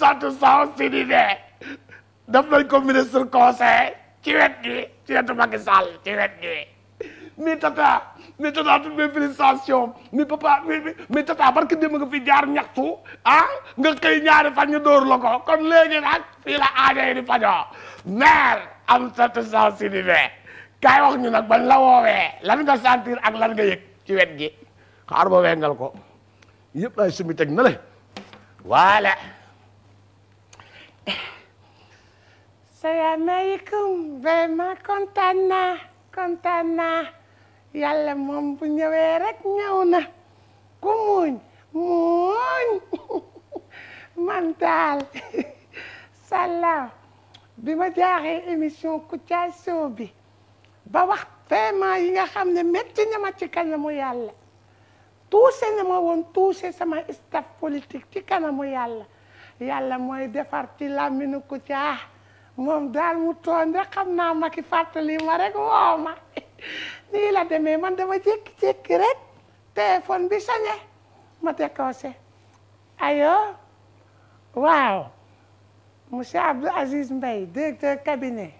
sant Saw Sidibé daf nañ ko ministre conseil ci wet gi ci wetu Macky Sall ci wet gi mi tata mi tata toutes mes mi papa mi mi tata barki démb nga fi jaar ñaxtu ah nga xëy ñaari fan ñu dóor la ko kon léegi nag fii la aajay di fajoo maire am sant Saw Sidibé kaay wax ñu nag la woowee lan nga sentir ak lan nga yëg ci wet gi xaar ba wengal ko yëpp lay sumi teg na waale salaamaaleykum vraiment kontaan naa kontaan naa yàlla moom bu ñëwee rek ñëw na ku muuñ muuñ man daal salaam bi ma jaaxee émission Kouthia Show bi ba wax vraiment yi nga xam ne métti na ma ci kanamu yàlla tuuse na ma woon tuuse sama staff politique ci kanamu yàlla yàlla mooy defar ci làmminu Kouthia moom daal mu tooñ rek xam naa ma ki fàttali ma rek woo ma nii demee man dama jékki-jékki rek téléphone bi sañe ma décroché ayo waaw monsieur Abdou Aziz Mbaye directeur cabinet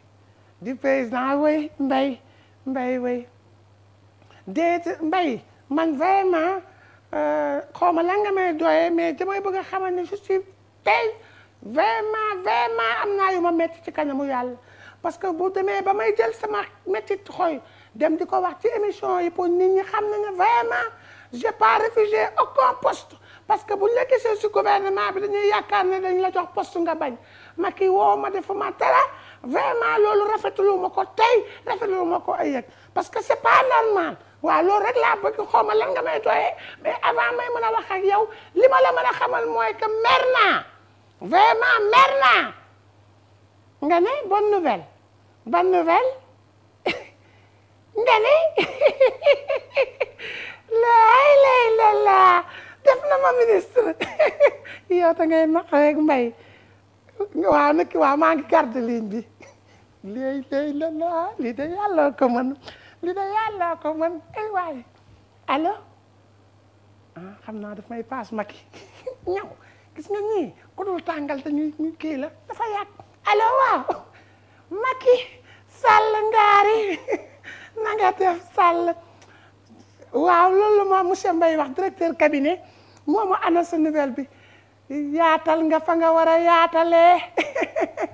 du président wéy Mbaye Mbaye wéy déet Mbaye man vraiment euh, xaw ma lan nga may doyee mais damay bëgg a xamal ne je suis vraiment vraiment am naa yu ma métti ci kanamu yàlla parce que bu demee ba may jël sama métti xoy dem di ko wax ci émission yi pour nit ñi xam nañu vraiment j'ai pas refusé aucun poste parce que bu ñu la gisee si gouvernement bi dañuy yaakaar ne dañ la jox poste nga bañ ma ki woo ma ma dara vraiment loolu rafetlu ma ko tey rafetlu ma ko ëllëg parce que c'est pas normal waa loolu rek laa bëgg xaw ma lan nga may doyee mais avant may mën a wax ak yow li la mën mooy que vraiment mer naa nga nouvelle bonne nouvelle nga ne laay def na ma ministre yow ta ngay maq rek mbay waaw naki waaw maa ngi garde ligne bi léy léy lii de yàlla ko mën lii de yàlla ko mën ay waay allo ah xam naa daf may paas maki ñaw gis nga ku dul tàngal te ñuy ñu kii la dafa waaw Macky Sall ngaari na nga def waaw loolu la ma monsieur Mbaye wax directeur cabinet moomu ana sa nouvelle bi yaatal nga fa nga war a yaatalee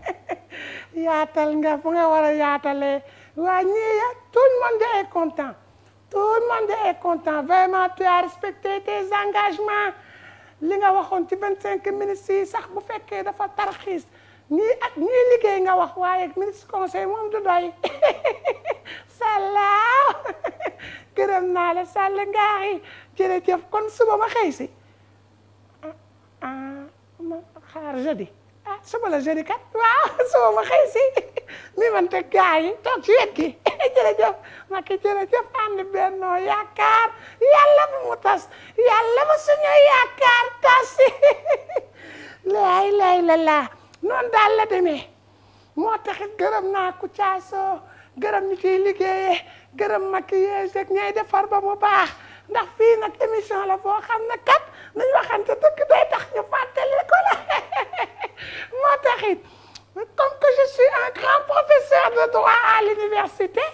yaatal nga fa nga war a yaatalee waa ñii tout le monde content tout le monde content vraiment tu as respecté tes engagements li nga waxoon ci vingt cinq ministres yi sax bu fekkee dafa tarxiis ñii ak liggéey nga wax waaye ministre conseil moom du doy sàllaaw gërëm naa la sàll ngaaxi jërëjëf kon suba ma xëy si ah, ah ma xaar jeudi ah suba la jeudi kat waaw suba ma xëy si li man teg gaa toog ci wet gi jërëjëf ma ki jërëjëf ànd bennoo yaakaar yàlla bu mu tas yàlla bu suñu yaakaar tas laay laay la laa daal la demee moo taxit gërëm naa ku caasoo gërëm ñi ciy liggéeyee gërëm maquillage ak ñay defar ba mu baax ndax fii nag émission la boo xam ne kat nañ waxante dëgg day tax ñu fàttali ko la moo taxit comme que je suis un grand professeur de droit à l'université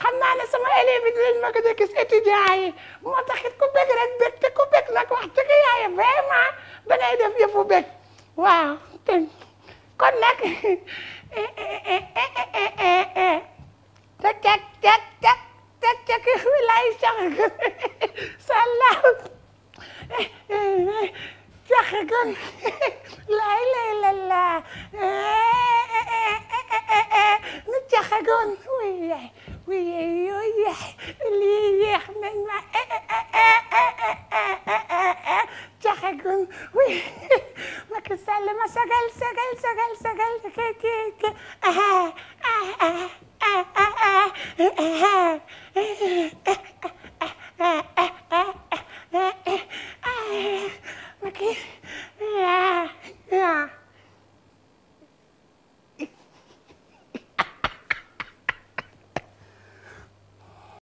xam naa ne sama élèves yi dinañ ma gëj a gis étudiants yi moo taxit ku bëgg rek bëgg te ku bëgg nag wax dëgg yaaye vraiment da ngay def yëfu bëgg waaw te kon nag eh, eh, eh, te cek cek cek cek cek wilaay sax sàllaaw la kan laa ilaaha nu caxagoon wuy yaay wuy yaay yoo yaay ma Yeah, yeah.